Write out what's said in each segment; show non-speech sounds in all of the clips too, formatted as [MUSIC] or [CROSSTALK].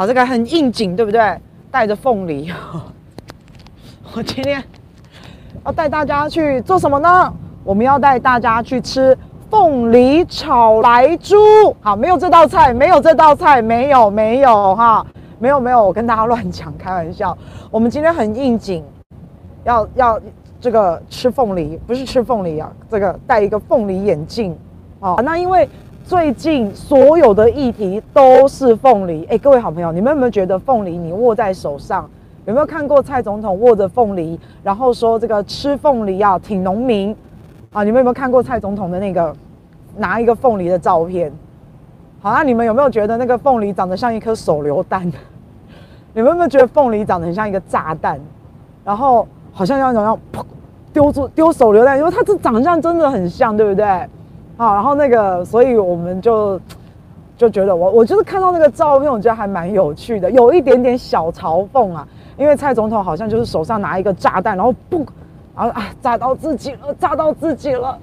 好，這個很應景，對不對？帶着鳳梨，我今天要帶大家去做什麼呢？我們要帶大家去吃鳳梨炒萊豬。好，沒有這道菜，沒有這道菜，沒有，沒有哈，沒有沒有，我跟大家亂講，開玩笑。我們今天很應景，要要這個吃鳳梨，不是吃鳳梨啊，這個戴一個鳳梨眼鏡。啊、哦。那因為。最近所有的議題都是鳳梨，哎、欸，各位好朋友，你們有沒有覺得鳳梨你握在手上？有沒有看過蔡總統握着鳳梨，然後說這個吃鳳梨要挺農民？啊，你們有沒有看過蔡總統的那個拿一個鳳梨的照片？好，那、啊、你們有沒有覺得那個鳳梨長得像一顆手榴彈？你們有沒有覺得鳳梨長得很像一個炸彈？然後好像要那種要砰，丟出丟手榴彈，因為它這長相真的很像，對不對？啊，然後那個，所以我們就就覺得我，我我就是看到那個照片，我覺得還蠻有趣的，有一點點小嘲諷啊。因為蔡總統好像就是手上拿一個炸彈，然後嘣，啊、哎、炸到自己了，炸到自己了，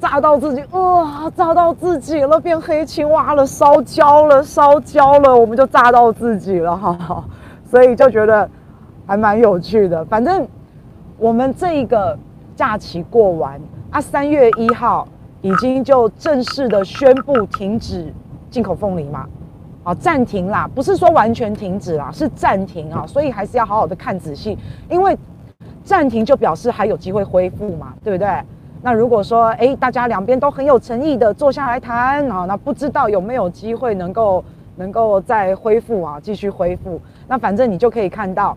炸到自己，哇、呃，炸到自己了，變黑青蛙了，燒焦了，燒焦了，我們就炸到自己了，哈哈，所以就覺得還蠻有趣的。反正我們這一個假期過完啊，三月一號。已經就正式的宣布停止進口鳳梨嘛？啊，暫停啦，不是說完全停止啦，是暫停啊，所以還是要好好的看仔細，因為暫停就表示還有機會恢復嘛，對不對？那如果說哎，大家兩邊都很有誠意的坐下來談啊，那不知道有沒有機會能夠能夠再恢復啊，繼續恢復。那反正你就可以看到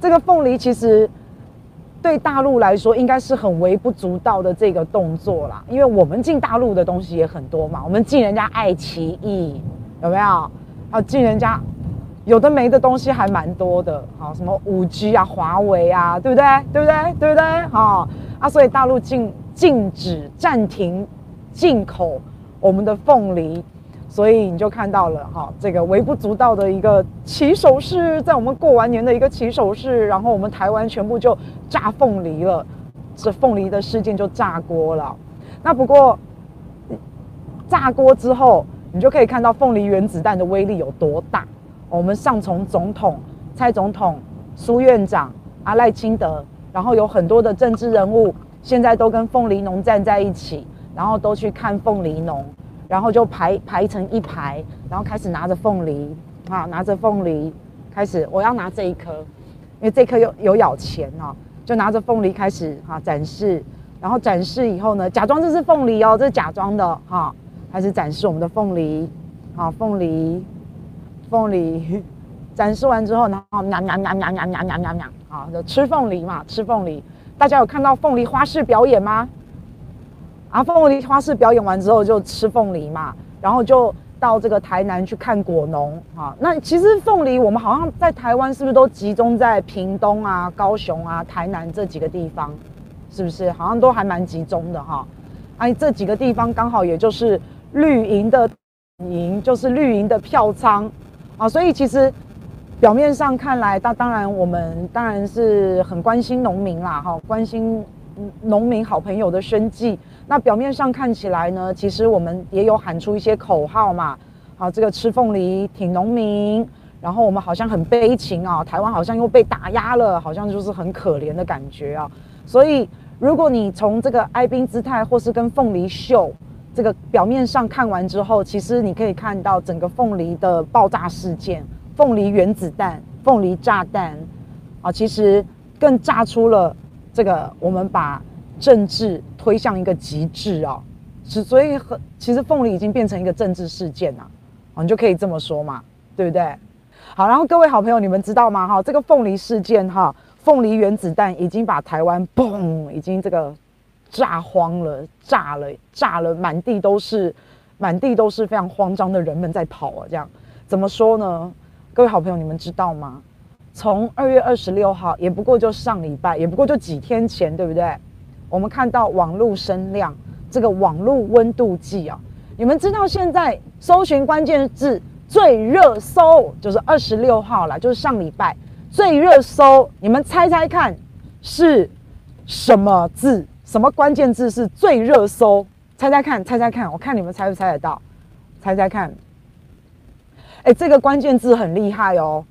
這個鳳梨其實。對大陸來說，應該是很微不足道的這個動作啦，因為我們進大陸的東西也很多嘛，我們進人家愛奇藝有沒有？還有、啊、進人家有的沒的東西還蠻多的，好、啊，什麼五 G 啊、華為啊，對不對？對不對？對不對？好啊，所以大陸禁禁止，暫停進口我們的鳳梨。所以你就看到了哈，這個微不足道的一個起手式，在我們過完年的一個起手式，然後我們台灣全部就炸鳳梨了，這鳳梨的事件就炸鍋了。那不過炸鍋之後，你就可以看到鳳梨原子彈的威力有多大。我們上從總統、蔡總統、蘇院長、阿賴清德，然後有很多的政治人物，現在都跟鳳梨農站在一起，然後都去看鳳梨農。然後就排排成一排，然後開始拿着鳳梨，啊，拿着鳳梨，開始我要拿這一顆，因為這顆有有咬錢哦、啊，就拿着鳳梨開始啊展示，然後展示以後呢，假裝這是鳳梨哦，這是假裝的哈、啊，開始展示我們的鳳梨，好、啊、鳳梨，鳳梨，展示完之後，然後呀呀呀呀呀呀呀呀，啊，就吃鳳梨嘛，吃鳳梨，大家有看到鳳梨花式表演嗎？啊，鳳梨花式表演完之後就吃鳳梨嘛，然後就到這個台南去看果農啊，那其實鳳梨我們好像在台灣是不是都集中在屏東啊、高雄啊、台南這幾個地方，是不是？好像都還蠻集中的哈。哎、啊，這幾個地方剛好也就是綠營的營，就是綠營的票倉啊。所以其實表面上看來，那當然我們當然是很關心農民啦，哈、啊，關心農民好朋友的生計。那表面上看起來呢，其實我們也有喊出一些口號嘛，好、啊，這個吃鳳梨挺農民，然後我們好像很悲情啊，台灣好像又被打壓了，好像就是很可憐的感覺啊。所以，如果你從這個哀兵姿態，或是跟鳳梨秀這個表面上看完之後，其實你可以看到整個鳳梨的爆炸事件，鳳梨原子彈，鳳梨炸彈，啊，其實更炸出了這個我們把。政治推向一個極致啊、哦，所所以很其實鳳梨已經變成一個政治事件了。哦，你就可以這麼說嘛，對不對？好，然後各位好朋友，你們知道嗎？哈、哦，這個鳳梨事件哈、哦，鳳梨原子彈已經把台灣嘣，已經這個炸慌了，炸了，炸了，滿地都是，滿地都是非常慌張的人們在跑啊，這樣怎麼說呢？各位好朋友，你們知道嗎？從二月二十六號，也不過就上禮拜，也不過就幾天前，對不對？我們看到網絡聲量，這個網絡溫度計啊，你們知道現在搜尋關鍵字最熱搜就是二十六號了，就是上禮拜最熱搜，你們猜猜看是什麼字？什麼關鍵字是最熱搜？猜猜看，猜猜看，我看你們猜不猜得到？猜猜看，誒，這個關鍵字很厲害哦。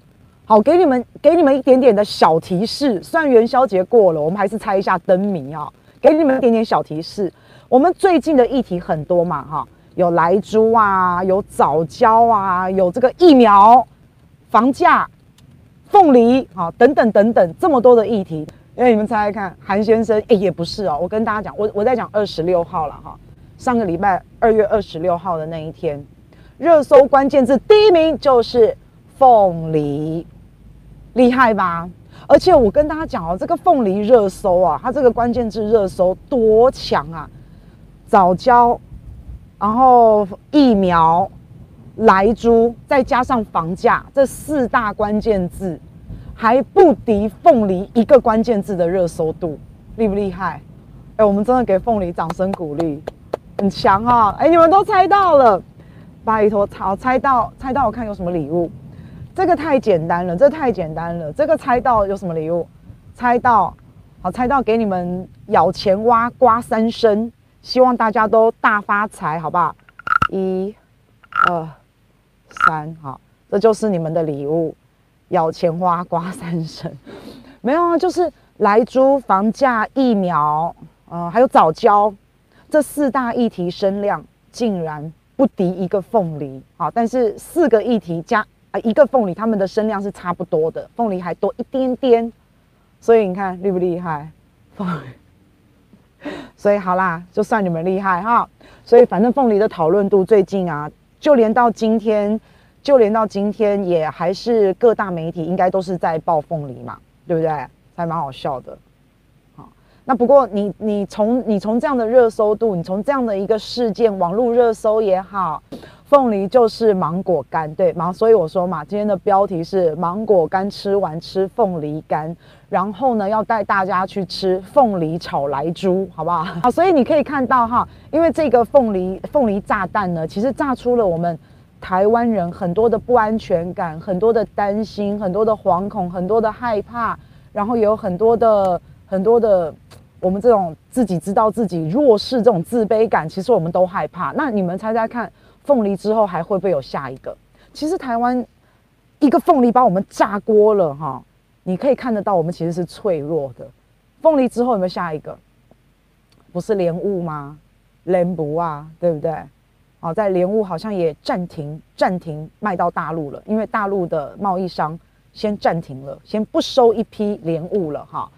好，給你們給你們一點點的小提示，雖然元宵節過了，我們還是猜一下燈謎啊。給你們一點點小提示，我們最近的議題很多嘛哈，有萊豬啊，有藻礁啊，啊，有這個疫苗，房價，鳳梨，啊等等等等，這麼多的議題。因為你們猜猜看，韓先生，誒、欸、也不是哦、喔。我跟大家講，我我在講二十六號了哈，上個禮拜二月二十六號的那一天，熱搜關鍵字第一名就是鳳梨，厲害吧？而且我跟大家講哦，這個鳳梨熱搜啊，它這個關鍵字熱搜多強啊！藻礁，然後疫苗，萊豬，再加上房價這四大關鍵字，還不敵鳳梨一個關鍵字的熱搜度，厲不厲害？哎、欸，我們真的給鳳梨掌聲鼓勵，很強啊、哦！哎、欸，你們都猜到了，拜托，好，猜到，猜到，我看有什麼禮物。這個太簡單了，這個、太簡單了。這個猜到有什麼禮物？猜到，好，猜到，給你們咬錢蛙呱三聲，希望大家都大發財，好不好？一、二、三，好，這就是你們的禮物，咬錢蛙呱三聲。沒有啊，就是萊豬、房價疫苗，呃，還有藻礁這四大議題聲量竟然不敵一個鳳梨，好，但是四個議題加。啊，一個鳳梨，它們的聲量是差不多的，鳳梨還多一點點，所以你看厲不厲害？鳳梨。所以好啦，就算你們厲害哈，所以反正鳳梨的討論度最近啊，就連到今天，就連到今天也還是各大媒體應該都是在報鳳梨嘛，對不對？還蠻好笑的。那不過你你從你從這樣的熱搜度，你從這樣的一個事件網絡熱搜也好，鳳梨就是芒果乾對嘛，所以我說嘛，今天的標題是芒果乾吃完吃鳳梨乾，然後呢，要帶大家去吃鳳梨炒萊豬，好不好？好，所以你可以看到哈，因為這個鳳梨鳳梨炸彈呢，其實炸出了我們台灣人很多的不安全感，很多的擔心，很多的惶恐，很多的害怕，然後也有很多的。很多的，我們這種自己知道自己弱勢這種自卑感，其實我們都害怕。那你們猜猜看，鳳梨之後還會不會有下一個？其實台灣一個鳳梨把我們炸鍋了哈！你可以看得到，我們其實是脆弱的。鳳梨之後有沒有下一個？不是蓮霧嗎？蓮不啊，對不對？好，在蓮霧好像也暫停，暫停賣到大陸了，因為大陸的貿易商先暫停了，先不收一批蓮霧了哈。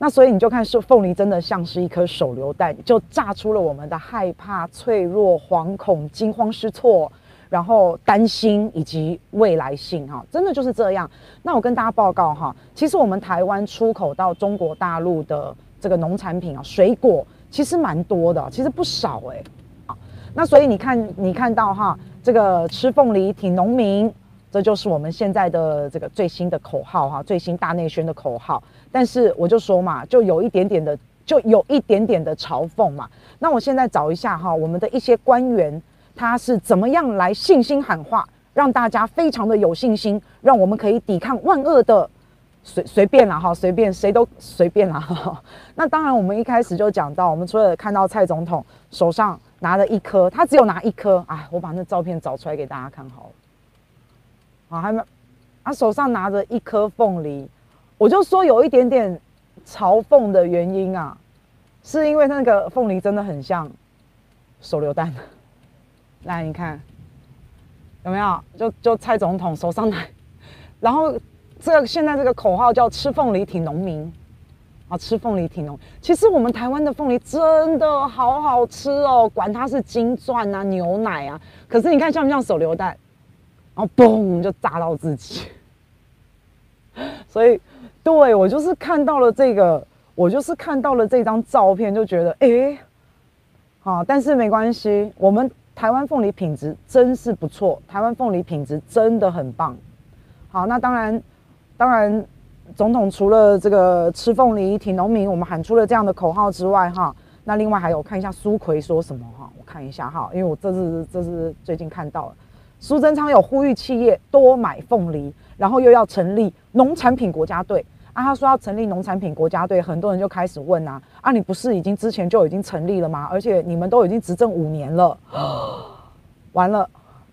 那所以你就看是鳳梨真的像是一顆手榴彈，就炸出了我們的害怕、脆弱、惶恐、驚慌失措，然後擔心以及未來性哈、啊，真的就是這樣。那我跟大家報告哈、啊，其實我們台灣出口到中國大陸的這個農產品啊，水果其實蠻多的、啊，其實不少哎。好，那所以你看，你看到哈、啊，這個吃鳳梨挺農民，這就是我們現在的這個最新的口號哈、啊，最新大內宣的口號。但是我就說嘛，就有一點點的，就有一點點的嘲諷嘛。那我現在找一下哈，我們的一些官員他是怎麼樣來信心喊話，讓大家非常的有信心，讓我們可以抵抗萬惡的。隨隨便了哈，隨便誰都隨便啦哈。那當然，我們一開始就講到，我們除了看到蔡總統手上拿了一顆，他只有拿一顆啊，我把那照片找出來給大家看好了。啊，還沒、啊、手上拿着一顆鳳梨。我就說有一點點嘲諷的原因啊，是因為那個鳳梨真的很像手榴彈。來，你看有沒有？就就蔡總統手上拿，然後這個現在這個口號叫吃鳳梨挺農民啊，吃鳳梨挺農。其實我們台灣的鳳梨真的好好吃哦、喔，管它是金鑽啊、牛奶啊，可是你看像不像手榴彈？然後嘣就炸到自己，所以。對，我就是看到了這個，我就是看到了這張照片，就覺得哎、欸，好，但是沒關係，我們台灣鳳梨品質真是不錯，台灣鳳梨品質真的很棒。好，那當然，當然，總統除了這個吃鳳梨挺農民，我們喊出了這樣的口號之外，哈，那另外還有看一下蘇揆說什麼哈，我看一下哈，因為我這是這是最近看到了，蘇貞昌有呼籲企業多買鳳梨。然後又要成立農產品國家隊啊！他說要成立農產品國家隊，很多人就開始問啊啊！你不是已經之前就已經成立了嗎？而且你們都已經執政五年了， [LAUGHS] 完了，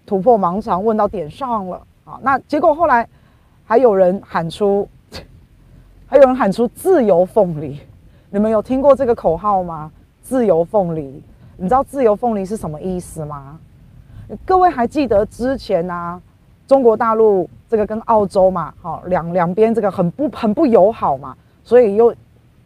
突破盲腸，問到點上了啊！好，那結果後來還有人喊出，還有人喊出“自由鳳梨”，你們有聽過這個口號嗎？“自由鳳梨”，你知道“自由鳳梨”是什麼意思嗎？各位還記得之前啊？中國大陸這個跟澳洲嘛，哈兩兩邊這個很不很不友好嘛，所以又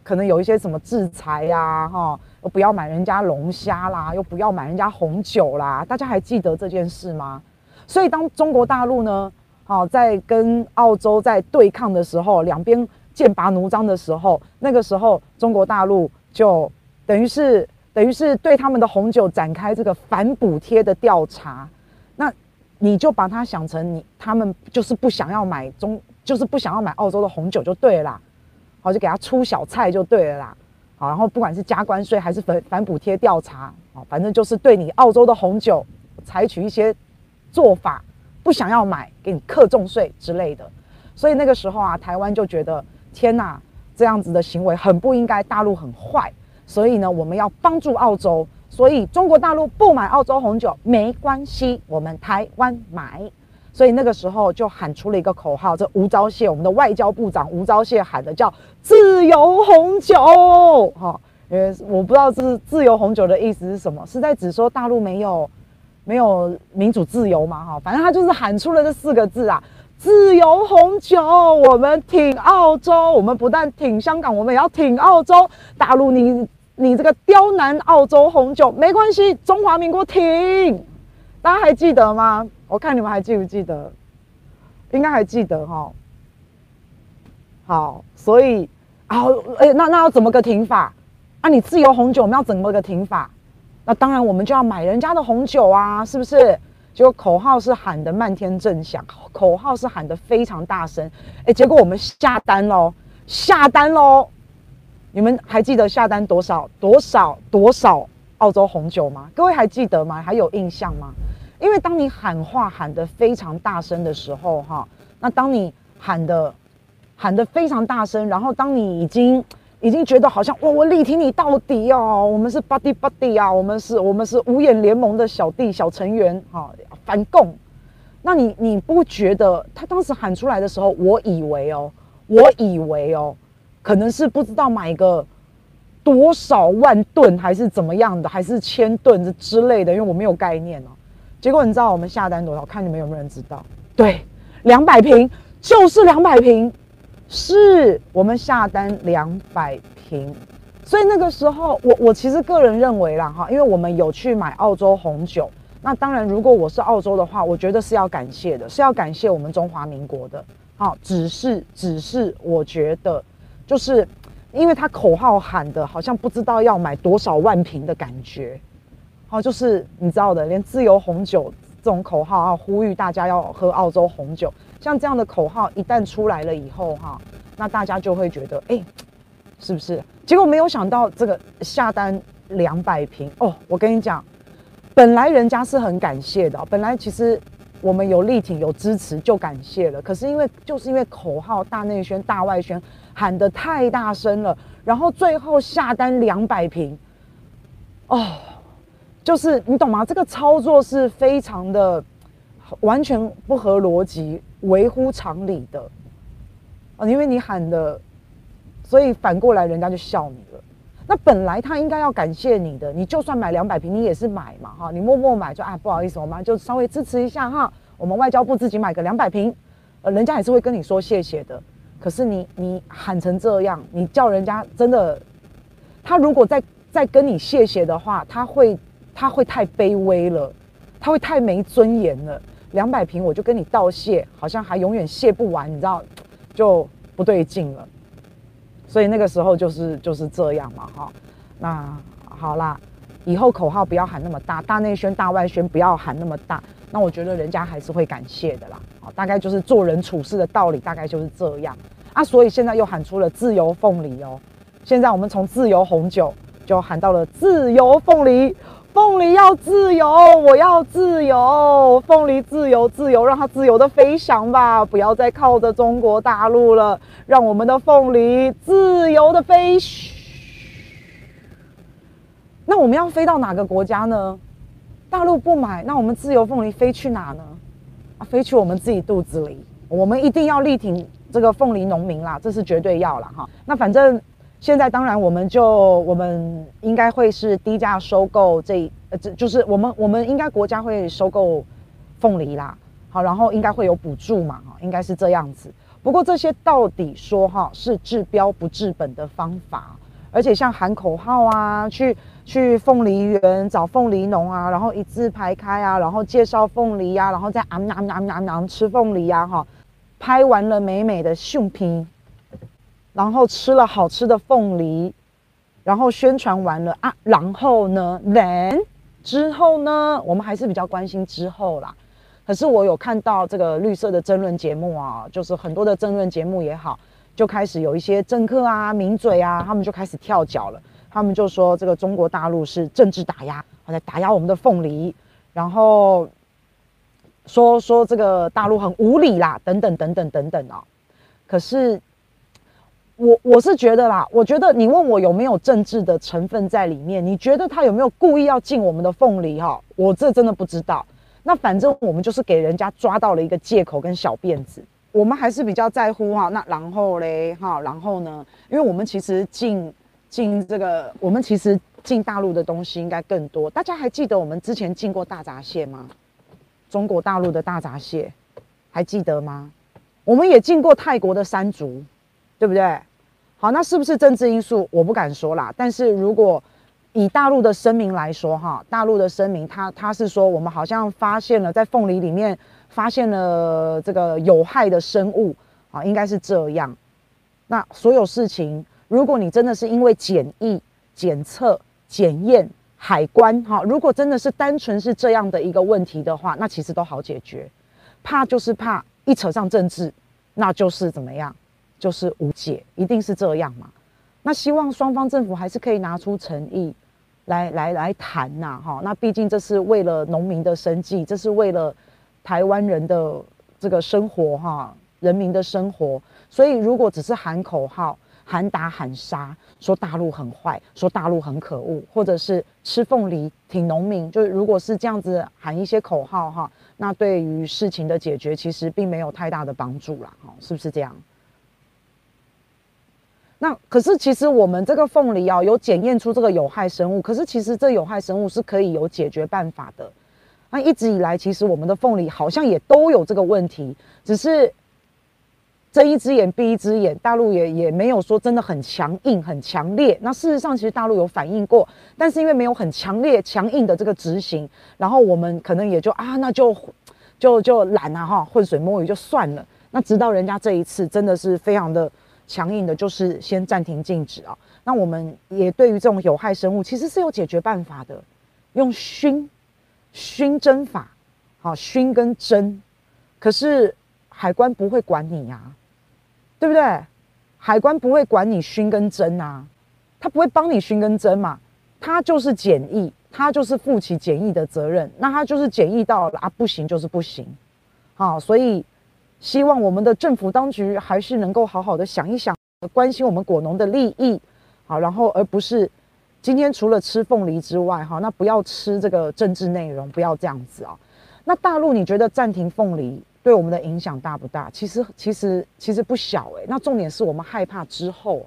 可能有一些什麼制裁呀、啊、哈、哦，又不要買人家龍蝦啦，又不要買人家紅酒啦，大家還記得這件事嗎？所以當中國大陸呢，好、哦，在跟澳洲在對抗的時候，兩邊劍拔弩張的時候，那個時候中國大陸就等於是等於是對他們的紅酒展開這個反補貼的調查。你就把它想成你他們就是不想要買中，就是不想要買澳洲的紅酒就對了啦，好，就給他出小菜就對了啦，好，然後不管是加關稅還是反反補貼調查，啊反正就是對你澳洲的紅酒採取一些做法，不想要買給你課重稅之類的，所以那個時候啊，台灣就覺得天吶，這樣子的行為很不應該，大陸很壞，所以呢，我們要幫助澳洲。所以中國大陸不買澳洲紅酒沒關係，我們台灣買。所以那個時候就喊出了一個口號，這吳釗燮，我們的外交部長吳釗燮喊的叫“自由紅酒”哈、哦。呃，我不知道是“自由紅酒”的意思是什麼，是在指說大陸沒有沒有民主自由嘛哈、哦？反正他就是喊出了這四個字啊，“自由紅酒”，我們挺澳洲，我們不但挺香港，我們也要挺澳洲大陸。你。你這個刁難澳洲紅酒沒關係，中華民國停，大家還記得嗎？我看你們還記不記得？應該還記得哈。好，所以，好、啊，誒、欸，那那要怎麼個停法？啊，你自由紅酒我們要怎麼個停法？那當然我們就要買人家的紅酒啊，是不是？結果口號是喊得漫天震響，口號是喊得非常大聲，誒、欸，結果我們下單嘍，下單嘍。你們還記得下單多少多少多少澳洲紅酒嗎？各位還記得嗎？還有印象嗎？因為當你喊話喊得非常大聲的時候，哈、啊，那當你喊的喊得非常大聲，然後當你已經已經覺得好像我我力挺你到底哦，我們是 buddy buddy 啊，我們是我們是五眼聯盟的小弟小成員哈、啊，反共，那你你不覺得他當時喊出來的時候，我以為哦，我以為哦。可能是不知道買個多少萬噸還是怎麼樣的，還是千噸的之類的，因為我沒有概念哦、喔。結果你知道我們下單多少？看你們有沒有人知道？對，兩百瓶就是兩百瓶，是我們下單兩百瓶。所以那個時候，我我其實個人認為啦哈，因為我們有去買澳洲紅酒。那當然，如果我是澳洲的話，我覺得是要感謝的，是要感謝我們中華民國的。好，只是只是我覺得。就是，因為他口號喊得好像不知道要買多少萬瓶的感覺，好，就是你知道的，連自由紅酒這種口號啊，呼籲大家要喝澳洲紅酒，像這樣的口號一旦出來了以後哈，那大家就會覺得，哎、欸，是不是？結果沒有想到這個下單兩百瓶哦，我跟你講，本來人家是很感謝的，本來其實我們有力挺有支持就感謝了，可是因為就是因為口號大內宣大外宣。喊得太大聲了，然後最後下單兩百瓶，哦，就是你懂嗎？這個操作是非常的完全不合邏輯、違乎常理的啊、哦！因為你喊的，所以反過來人家就笑你了。那本來他應該要感謝你的，你就算買兩百瓶，你也是買嘛哈，你默默買就啊、哎，不好意思，我們就稍微支持一下哈，我們外交部自己買個兩百瓶，呃，人家還是會跟你說謝謝的。可是你你喊成這樣，你叫人家真的，他如果再再跟你謝謝的話，他會他會太卑微了，他會太沒尊嚴了。兩百瓶我就跟你道謝，好像還永遠謝不完，你知道就不對勁了。所以那個時候就是就是這樣嘛哈，哦。那好啦，以後口號不要喊那麼大，大內宣大外宣不要喊那麼大。那我覺得人家還是會感謝的啦，好，大概就是做人處事的道理，大概就是這樣啊。所以現在又喊出了自由鳳梨哦，現在我們從自由紅酒就喊到了自由鳳梨，鳳梨要自由，我要自由，鳳梨自由，自由讓它自由的飛翔吧，不要再靠着中國大陸了，讓我們的鳳梨自由的飛。那我們要飛到哪個國家呢？大陸不買，那我們自由鳳梨飛去哪呢？啊，飛去我們自己肚子裡。我們一定要力挺這個鳳梨農民啦，這是絕對要啦哈。那反正現在，當然我們就我們應該會是低價收購這呃，這就是我們我們應該國家會收購鳳梨啦。好，然後應該會有補助嘛，哈，應該是這樣子。不過這些到底說哈是治標不治本的方法，而且像喊口號啊去。去鳳梨園找鳳梨農啊，然後一字排開啊，然後介紹鳳梨呀、啊，然後再昂昂昂昂昂吃鳳梨呀、啊、哈、哦，拍完了美美的秀頻，然後吃了好吃的鳳梨，然後宣傳完了啊，然後呢，人之後呢，我們還是比較關心之後啦。可是我有看到這個綠色的爭論節目啊，就是很多的爭論節目也好，就開始有一些政客啊、名嘴啊，他們就開始跳腳了。他們就說這個中國大陸是政治打壓，好在打壓我們的鳳梨，然後說說這個大陸很無理啦，等等等等等等哦。可是我我是覺得啦，我覺得你問我有沒有政治的成分在裡面，你覺得他有沒有故意要禁我們的鳳梨哈、哦？我這真的不知道。那反正我們就是給人家抓到了一個借口跟小辮子，我們還是比較在乎哈、啊。那然後嘞哈，然後呢，因為我們其實禁。進這個，我們其實進大陸的東西應該更多。大家還記得我們之前進過大閘蟹嗎？中國大陸的大閘蟹，還記得嗎？我們也進過泰國的山竹，對不對？好，那是不是政治因素？我不敢說啦。但是如果以大陸的聲明來說，哈，大陸的聲明它，它他是說我們好像發現了在鳳梨裡面發現了這個有害的生物啊，應該是這樣。那所有事情。如果你真的是因為檢疫、檢測、檢驗、海關，哈，如果真的是單純是這樣的一個問題的話，那其實都好解決。怕就是怕一扯上政治，那就是怎麼樣？就是無解，一定是這樣嘛。那希望雙方政府還是可以拿出誠意來來來談吶，哈。那畢竟這是為了農民的生計，這是為了台灣人的這個生活，哈，人民的生活。所以，如果只是喊口號，喊打喊殺，說大陸很壞，說大陸很可惡，或者是吃鳳梨挺農民，就是如果是這樣子喊一些口號哈，那對於事情的解決其實並沒有太大的幫助了，哈，是不是這樣？那可是其實我們這個鳳梨啊，有檢驗出這個有害生物，可是其實這有害生物是可以有解決辦法的。那一直以來，其實我們的鳳梨好像也都有這個問題，只是。睜一隻眼閉一隻眼，大陸也也沒有說真的很強硬很強烈。那事實上，其實大陸有反應過，但是因為沒有很強烈強硬的這個執行，然後我們可能也就啊，那就就就懶了哈，渾水摸魚就算了。那直到人家這一次真的是非常的強硬的，就是先暫停禁止啊。那我們也對於這種有害生物，其實是有解決辦法的，用燻燻蒸法，好、啊、燻跟蒸。可是海關不會管你呀、啊。對不對？海關不會管你燻跟蒸啊，他不會幫你燻跟蒸嘛，他就是檢疫，他就是負起檢疫的責任，那他就是檢疫到了啊，不行就是不行，好、哦，所以希望我們的政府當局還是能夠好好的想一想，關心我們果農的利益，好、哦，然後而不是今天除了吃鳳梨之外，哈、哦，那不要吃這個政治內容，不要這樣子啊、哦，那大陸你覺得暫停鳳梨？對我們的影響大不大？其實其實其實不小哎、欸。那重點是我們害怕之後、啊，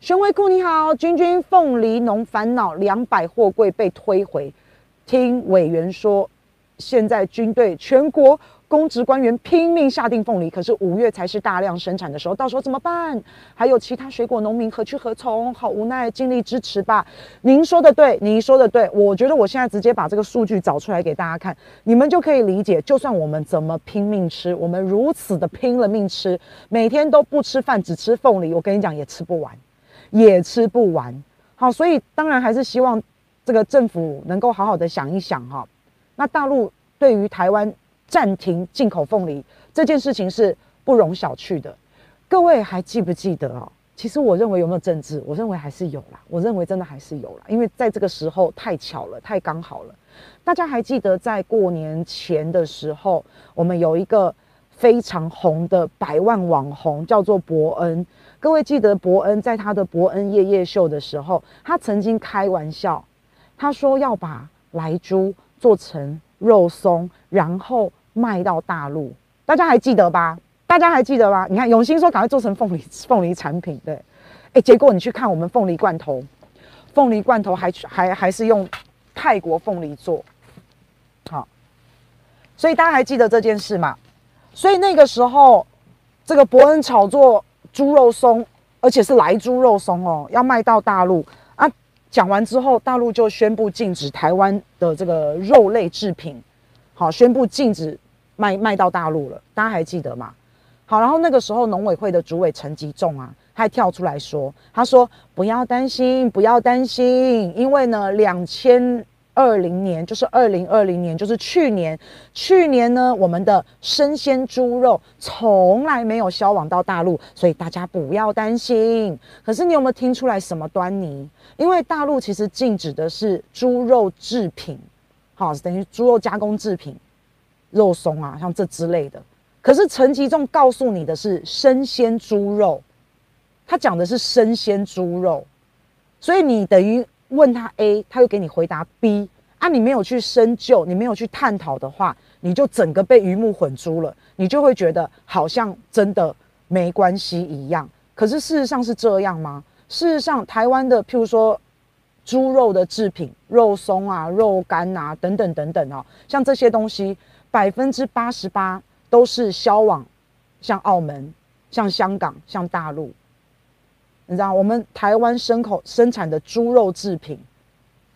宣威庫你好，鈞鈞鳳梨農煩惱兩百貨櫃被推回。聽委員說，現在軍隊全國。公職官員拼命下定鳳梨，可是五月才是大量生產的時候，到時候怎麼辦？還有其他水果農民何去何從？好無奈，盡力支持吧。您說的對，您說的對。我覺得我現在直接把這個數據找出來給大家看，你們就可以理解。就算我們怎麼拼命吃，我們如此的拼了命吃，每天都不吃飯只吃鳳梨，我跟你講也吃不完，也吃不完。好，所以當然還是希望這個政府能夠好好的想一想哈。那大陸對於台灣，暫停進口鳳梨這件事情是不容小覷的。各位還記不記得哦？其實我認為有沒有政治，我認為還是有啦。我認為真的還是有啦，因為在這個時候太巧了，太剛好了。大家還記得在過年前的時候，我們有一個非常紅的百萬網紅叫做博恩。各位記得博恩在他的博恩夜夜秀的時候，他曾經開玩笑，他說要把萊豬做成肉鬆，然後。賣到大陸，大家還記得吧？大家還記得吧？你看永興說趕快做成鳳梨鳳梨產品，對，哎、欸，結果你去看我們鳳梨罐頭，鳳梨罐頭還還還是用泰國鳳梨做，好，所以大家還記得這件事嗎？所以那個時候，這個伯恩炒作豬肉鬆，而且是萊豬肉鬆哦、喔，要賣到大陸啊。講完之後，大陸就宣布禁止台灣的這個肉類制品，好，宣布禁止。賣賣到大陸了，大家還記得嗎？好，然後那個時候農委會的主委陳吉仲啊，他還跳出來說：“他說不要擔心，不要擔心，因為呢，兩千二零年就是二零二零年，就是去年，去年呢，我們的生鮮豬肉從來沒有銷往到大陸，所以大家不要擔心。可是你有沒有聽出來什麼端倪？因為大陸其實禁止的是豬肉製品，好，等於豬肉加工製品。”肉鬆啊，像這之類的。可是陳吉仲告訴你的是生鮮豬肉，他講的是生鮮豬肉，所以你等於問他 A，他又給你回答 B 啊。你沒有去深究，你沒有去探討的話，你就整個被魚目混珠了，你就會覺得好像真的沒關係一樣。可是事實上是這樣嗎？事實上，台灣的譬如說豬肉的制品，肉鬆啊、肉乾啊等等等等哦、啊，像這些東西。百分之八十八，都是銷往，像澳門、像香港、像大陸。你知道，我們台灣牲口生產的豬肉製品，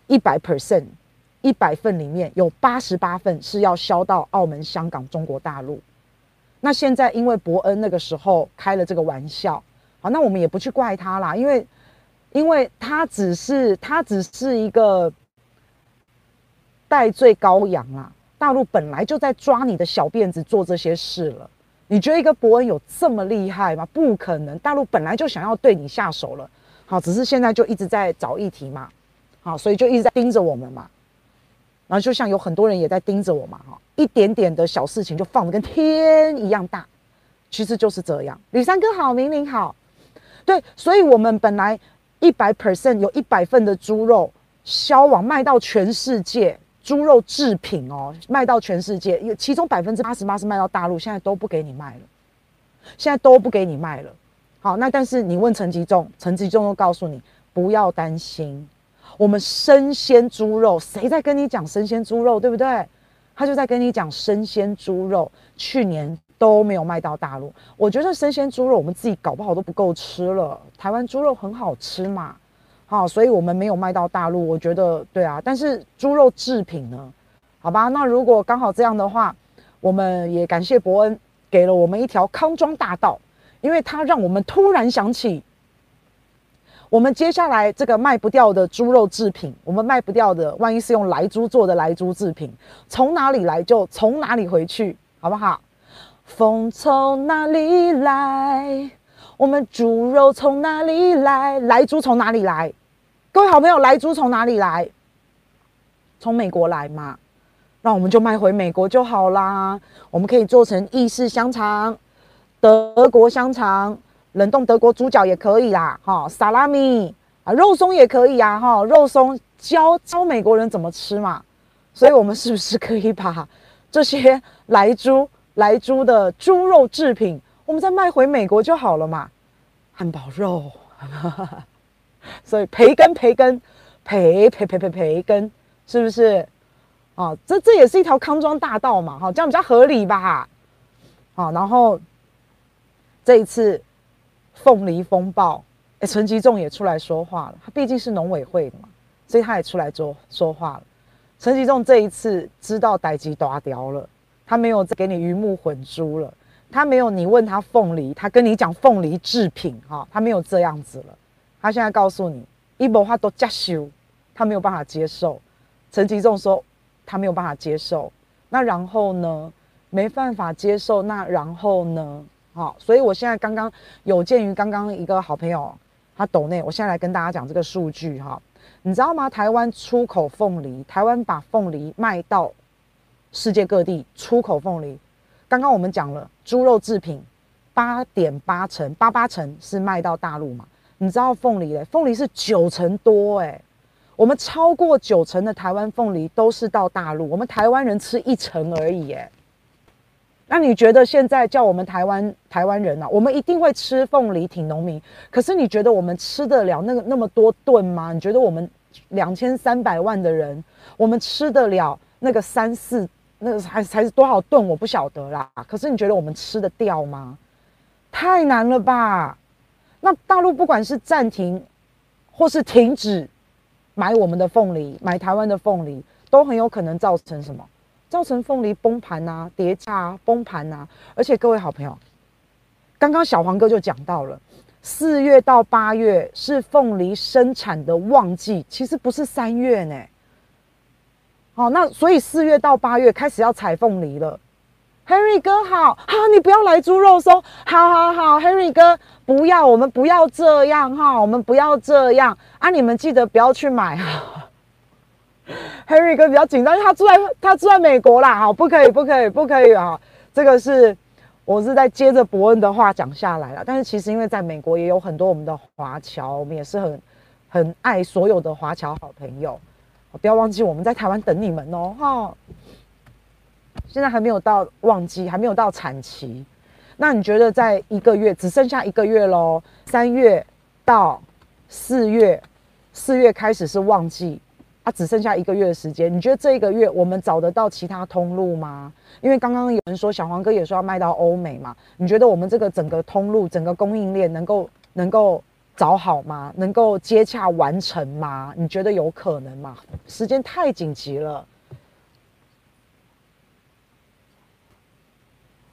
一百 percent，一百份裡面有八十八份是要銷到澳門、香港、中國大陸。那現在因為伯恩那個時候開了這個玩笑，好，那我們也不去怪他啦，因為，因為他只是他只是一個代罪羔羊啦、啊。大陸本來就在抓你的小辮子做這些事了，你覺得一個伯恩有這麼厲害嗎？不可能，大陸本來就想要對你下手了，好，只是現在就一直在找議題嘛，好，所以就一直在盯着我們嘛，然後就像有很多人也在盯着我嘛。哈，一點點的小事情就放得跟天一樣大，其實就是這樣。李三哥好，明明好，對，所以我們本來一百 percent 有一百份的豬肉銷往賣到全世界。豬肉製品哦、喔，賣到全世界，有其中百分之八十八是賣到大陸，現在都不給你賣了，現在都不給你賣了。好，那但是你問陳吉仲，陳吉仲又告訴你不要擔心，我們生鮮豬肉誰在跟你講生鮮豬肉對不對？他就在跟你講生鮮豬肉，去年都沒有賣到大陸。我覺得生鮮豬肉我們自己搞不好都不夠吃了，台灣豬肉很好吃嘛。好、哦，所以我們沒有賣到大陸，我覺得對啊。但是豬肉製品呢？好吧，那如果剛好這樣的話，我們也感謝博恩給了我們一條康莊大道，因為他讓我們突然想起，我們接下來這個賣不掉的豬肉製品，我們賣不掉的，萬一是用萊豬做的萊豬製品，從哪裡來就從哪裡回去，好不好？風從哪裡來？我們豬肉從哪裡來？萊豬從哪裡來？各位好朋友，萊豬從哪裡來？從美國來嘛，那我們就賣回美國就好啦。我們可以做成意式香腸、德國香腸、冷凍德國豬腳也可以啦。哈，薩拉米啊，肉鬆也可以啊。哈，肉鬆教教美國人怎麼吃嘛。所以，我們是不是可以把這些萊豬、萊豬的豬肉製品，我們再賣回美國就好了嘛？漢堡肉。呵呵所以培根，培根，培培培培培根，是不是？啊、哦，這這也是一條康莊大道嘛，哈、哦，這樣比較合理吧？啊、哦，然後這一次鳳梨風暴，哎，陳吉仲也出來說話了。他畢竟是農委會的嘛，所以他也出來說說話了。陳吉仲這一次知道代誌大條了，他沒有再給你魚目混珠了，他沒有你問他鳳梨，他跟你講鳳梨製品，哈、哦，他沒有這樣子了。他現在告訴你，伊無話都接受，他沒有辦法接受。陳吉仲說他沒有辦法接受，那然後呢？沒辦法接受，那然後呢？好、哦，所以我現在剛剛有鑑於剛剛一個好朋友他斗內，我現在來跟大家講這個數據哈、哦。你知道嗎？台灣出口鳳梨，台灣把鳳梨賣到世界各地，出口鳳梨。剛剛我們講了豬肉製品 8. 8，八點八成八八成是賣到大陸嘛？你知道鳳梨嘞？鳳梨是九成多誒、欸，我們超過九成的台灣鳳梨都是到大陸，我們台灣人吃一成而已誒、欸，那你覺得現在叫我們台灣台灣人啊？我們一定會吃鳳梨挺農民？可是你覺得我們吃得了那個那麼多噸嗎？你覺得我們兩千三百萬的人，我們吃得了那個三四那個還還是多少噸？我不曉得啦。可是你覺得我們吃得掉嗎？太難了吧！那大陸不管是暫停，或是停止買我們的鳳梨，買台灣的鳳梨，都很有可能造成什麼？造成鳳梨崩盤啊，跌價，啊、崩盤啊！而且各位好朋友，剛剛小黃哥就講到了，四月到八月是鳳梨生產的旺季，其實不是三月呢。好、哦，那所以四月到八月開始要採鳳梨了。Henry 哥好，好好，你不要來豬肉鬆，好好好，好，Henry 哥不要，我們不要這樣哈，我們不要這樣啊！你們記得不要去買哈。 [LAUGHS] Henry 哥比較緊張，因為他住在他住在美國啦，哈，不可以不可以不可以啊！這個是我是在接着博恩的話講下來了，但是其實因為在美國也有很多我們的華僑，我們也是很很愛所有的華僑好朋友好，不要忘記我們在台灣等你們哦、喔，哈。現在還沒有到旺季，還沒有到產期，那你覺得在一個月只剩下一個月嘍？三月到四月，四月開始是旺季，啊，只剩下一個月的時間，你覺得這一個月我們找得到其他通路嗎？因為剛剛有人說小黃哥也說要賣到歐美嘛，你覺得我們這個整個通路、整個供應鏈能夠能夠找好嗎？能夠接洽完成嗎？你覺得有可能嗎？時間太緊急了。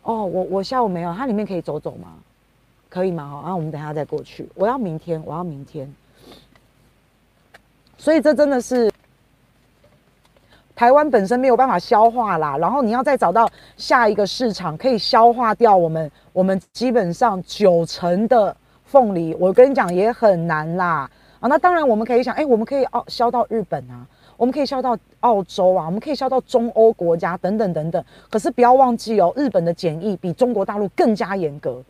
哦，我我下午沒有，它裡面可以走走嗎？可以嗎？好、啊，那我們等下再過去。我要明天，我要明天。所以這真的是台灣本身沒有辦法消化啦。然後你要再找到下一個市場可以消化掉我們，我們基本上九成的鳳梨，我跟你講也很難啦。啊，那當然我們可以想，哎、欸，我們可以哦銷到日本啊。我們可以銷到澳洲啊，我們可以銷到中歐國家等等等等。可是不要忘記哦，日本的檢疫比中國大陸更加嚴格。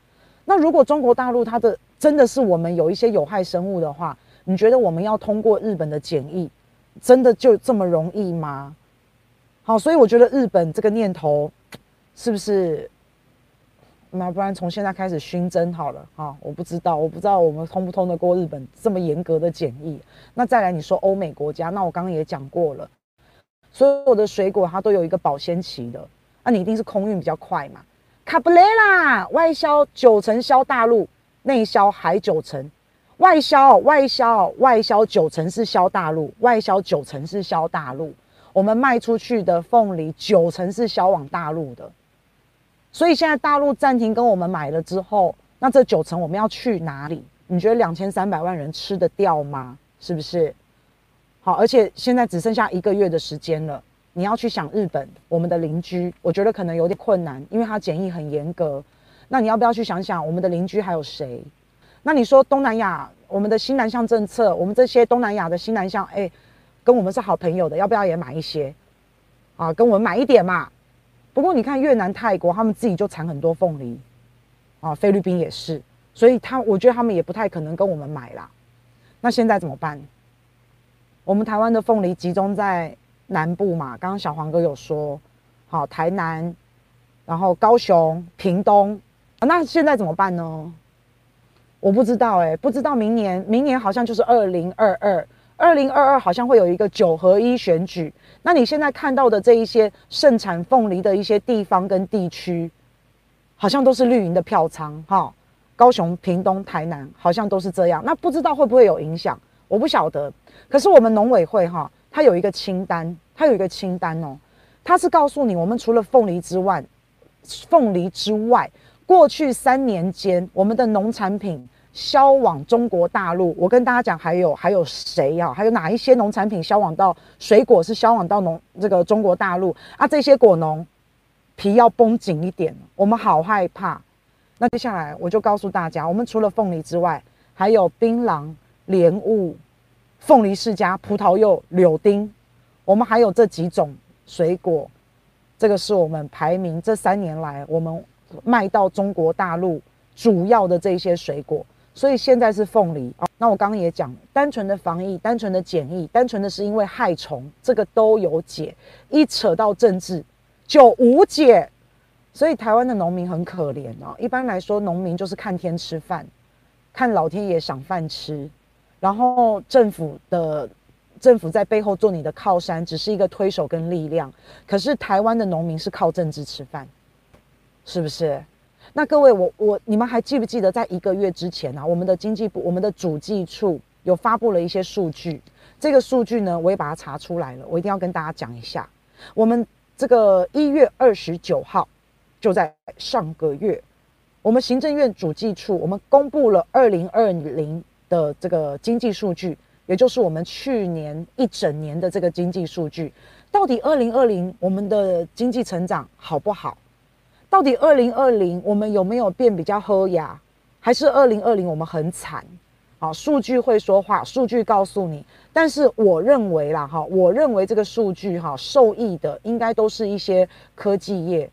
那如果中國大陸它的真的是我們有一些有害生物的話，你覺得我們要通過日本的檢疫，真的就這麼容易嗎？好，所以我覺得日本這個念頭，是不是？那不然從現在開始燻蒸好了啊！我不知道，我不知道我們通不通得過日本這麼嚴格的檢疫。那再來你說歐美國家，那我剛剛也講過了，所有的水果它都有一個保鮮期的，那、啊、你一定是空運比較快嘛。卡布雷拉外銷九成銷大陸，內銷還九成。外銷外銷外銷九成是銷大陸，外銷九成是銷大陸。我們賣出去的鳳梨九成是銷往大陸的。所以現在大陸暫停跟我們買了之後，那這九成我們要去哪裡？你覺得兩千三百萬人吃得掉嗎？是不是？好，而且現在只剩下一個月的時間了，你要去想日本，我們的鄰居，我覺得可能有點困難，因為它檢疫很嚴格。那你要不要去想想我們的鄰居還有誰？那你說東南亞，我們的新南向政策，我們這些東南亞的新南向，哎、欸，跟我們是好朋友的，要不要也買一些？啊，跟我們買一點嘛。不過你看越南、泰國，他們自己就產很多鳳梨，啊，菲律賓也是，所以他我覺得他們也不太可能跟我們買啦。那現在怎麼辦？我們台灣的鳳梨集中在南部嘛，剛剛小黃哥有說，好、啊，台南，然後高雄、屏東，啊，那現在怎麼辦呢？我不知道哎、欸，不知道明年，明年好像就是二零二二。二零二二好像會有一個九合一選舉，那你現在看到的這一些盛產鳳梨的一些地方跟地區，好像都是綠營的票倉哈。高雄、屏東、台南好像都是這樣，那不知道會不會有影響？我不曉得。可是我們農委會哈，它有一個清單，它有一個清單哦，它是告訴你，我們除了鳳梨之外，鳳梨之外，過去三年間我們的農產品。銷往中國大陸，我跟大家講，還有還有誰呀？還有哪一些農產品銷往到水果是銷往到農這個中國大陸啊？這些果農皮要繃緊一點，我們好害怕。那接下來我就告訴大家，我們除了鳳梨之外，還有檳榔、蓮霧、鳳梨釋迦、葡萄柚、柳丁，我們還有這幾種水果。這個是我們排名這三年來我們賣到中國大陸主要的這些水果。所以現在是鳳梨啊、哦，那我剛剛也講，單純的防疫、單純的檢疫、單純的是因為害蟲，這個都有解。一扯到政治，就無解。所以台灣的農民很可憐哦。一般來說，農民就是看天吃飯，看老天爺賞飯吃。然後政府的政府在背後做你的靠山，只是一個推手跟力量。可是台灣的農民是靠政治吃飯，是不是？那各位，我我你們還記不記得在一個月之前呢、啊？我們的經濟部，我們的主計處有發布了一些數據。這個數據呢，我也把它查出來了。我一定要跟大家講一下，我們這個一月二十九號，就在上個月，我們行政院主計處我們公布了二零二零的這個經濟數據，也就是我們去年一整年的這個經濟數據，到底二零二零我們的經濟成長好不好？到底二零二零我們有沒有變比較喝呀？還是二零二零我們很慘啊？數據會說話，數據告訴你。但是我認為啦，哈、啊，我認為這個數據哈、啊，受益的應該都是一些科技業。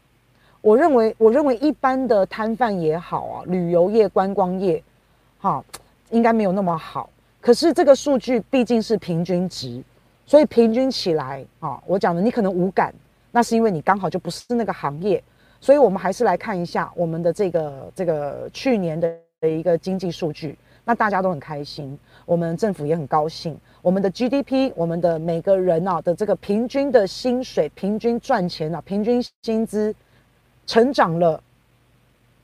我認為，我認為一般的攤販也好啊，旅遊業、觀光業，哈、啊，應該沒有那麼好。可是這個數據畢竟是平均值，所以平均起來啊，我講的你可能無感，那是因為你剛好就不是那個行業。所以，我們還是來看一下我們的這個這個去年的一個經濟數據。那大家都很開心，我們政府也很高興。我們的 GDP，我們的每個人啊的這個平均的薪水、平均賺錢啊、平均薪資，成長了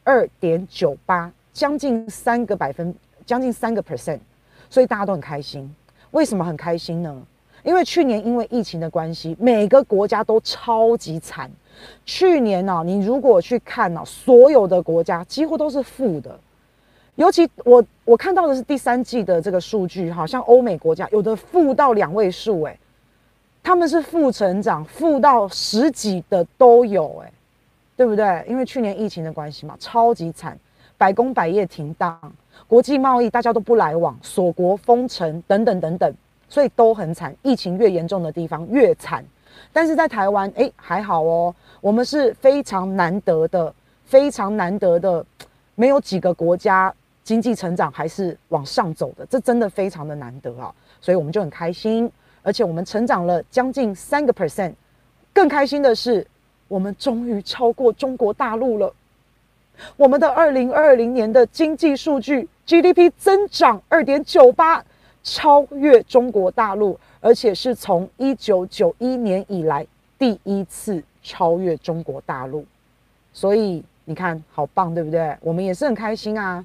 二點九八，將近三個百分將近三個 percent。所以大家都很開心。為什麼很開心呢？因為去年因為疫情的關係，每個國家都超級慘。去年吶、啊，你如果去看吶、啊，所有的國家幾乎都是負的，尤其我我看到的是第三季的這個數據、啊，好像歐美國家有的負到兩位數，哎，他們是負成長，負到十幾的都有、欸，哎，對不對？因為去年疫情的關係嘛，超級慘，百工百業停檔，國際貿易大家都不來往，鎖國封城等等等等，所以都很慘，疫情越嚴重的地方越慘。但是在台灣，誒、欸，還好哦。我們是非常難得的，非常難得的，沒有幾個國家經濟成長還是往上走的，這真的非常的難得啊。所以我們就很開心，而且我們成長了將近三個 percent。更開心的是，我們終於超過中國大陸了。我們的二零二零年的經濟數據 GDP 增長二點九八，超越中國大陸。而且是從一九九一年以來第一次超越中國大陸，所以你看好棒，對不對？我們也是很開心啊。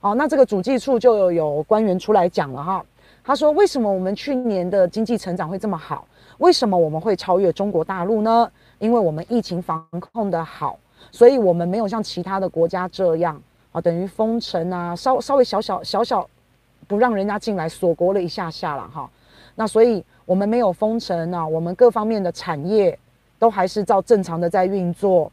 好，那這個主計處就有，有官員出來講了哈。他說：“為什麼我們去年的經濟成長會這麼好？為什麼我們會超越中國大陸呢？因為我們疫情防控得好，所以我們沒有像其他的國家這樣啊，等於封城啊，稍稍微小，小小小小不讓人家進來鎖國了一下下了哈。”那所以，我們沒有封城啊，我們各方面的產業都還是照正常的在運作，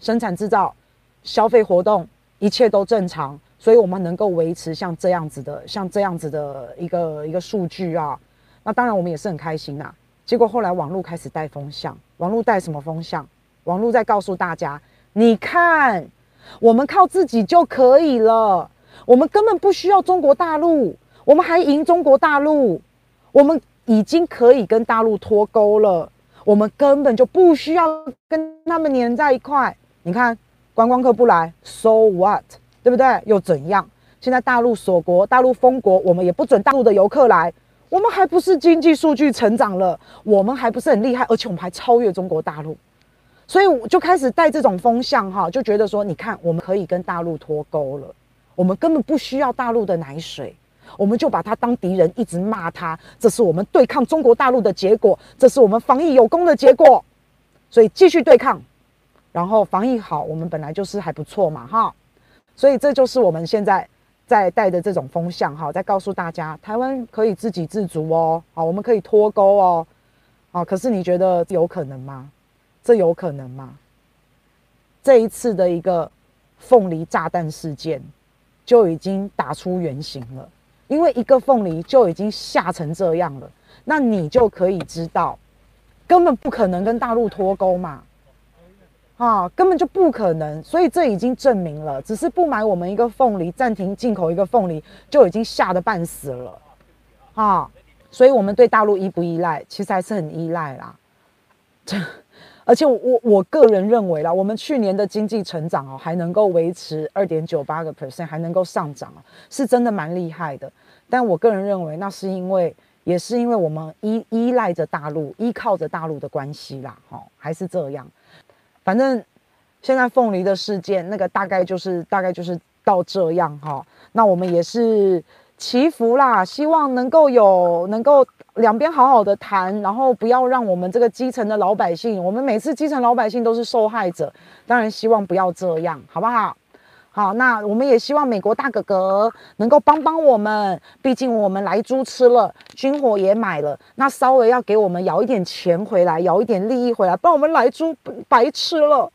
生產製造、消費活動，一切都正常，所以我們能夠維持像這樣子的、像這樣子的一個一個數據啊。那當然，我們也是很開心吶、啊。結果後來，網路開始帶風向，網路帶什麼風向？網路在告訴大家：你看，我們靠自己就可以了，我們根本不需要中國大陸，我們還贏中國大陸。我們已經可以跟大陸脫鈎了，我們根本就不需要跟他們粘在一塊。你看，觀光客不來，So what，對不對？又怎樣？現在大陸鎖國，大陸封國，我們也不准大陸的遊客來，我們還不是經濟數據成長了？我們還不是很厲害，而且我們還超越中國大陸，所以我就開始帶這種風向哈，就覺得說，你看，我們可以跟大陸脫鈎了，我們根本不需要大陸的奶水。我們就把他當敵人，一直罵他。這是我們對抗中國大陸的結果，這是我們防疫有功的結果，所以繼續對抗。然後防疫好，我們本來就是還不錯嘛，哈。所以這就是我們現在在帶的這種風向，哈，在告訴大家，台灣可以自給自足哦，好，我們可以脫鈎哦，啊。可是你覺得有可能嗎？這有可能嗎？這一次的一個鳳梨炸彈事件，就已經打出原形了。因為一個鳳梨就已經嚇成這樣了，那你就可以知道，根本不可能跟大陸脫鈎嘛，啊，根本就不可能。所以這已經證明了，只是不買我們一個鳳梨，暫停進口一個鳳梨就已經嚇得半死了，啊，所以我們對大陸依不依賴，其實還是很依賴啦。這而且我我個人認為啦，我們去年的經濟成長哦，還能夠維持二點九八個 percent，還能夠上漲哦，是真的蠻厲害的。但我個人認為，那是因為也是因為我們依依賴着大陸，依靠着大陸的關係啦，哈、喔，還是這樣。反正現在鳳梨的事件，那個大概就是大概就是到這樣哈、喔。那我們也是祈福啦，希望能夠有能夠兩邊好好的談，然後不要讓我們這個基層的老百姓，我們每次基層老百姓都是受害者。當然希望不要這樣，好不好？好，那我們也希望美國大哥哥能夠幫幫我們，畢竟我們萊豬吃了，軍火也買了，那稍微要給我們搖一點錢回來，搖一點利益回來，不然我們萊豬白吃了。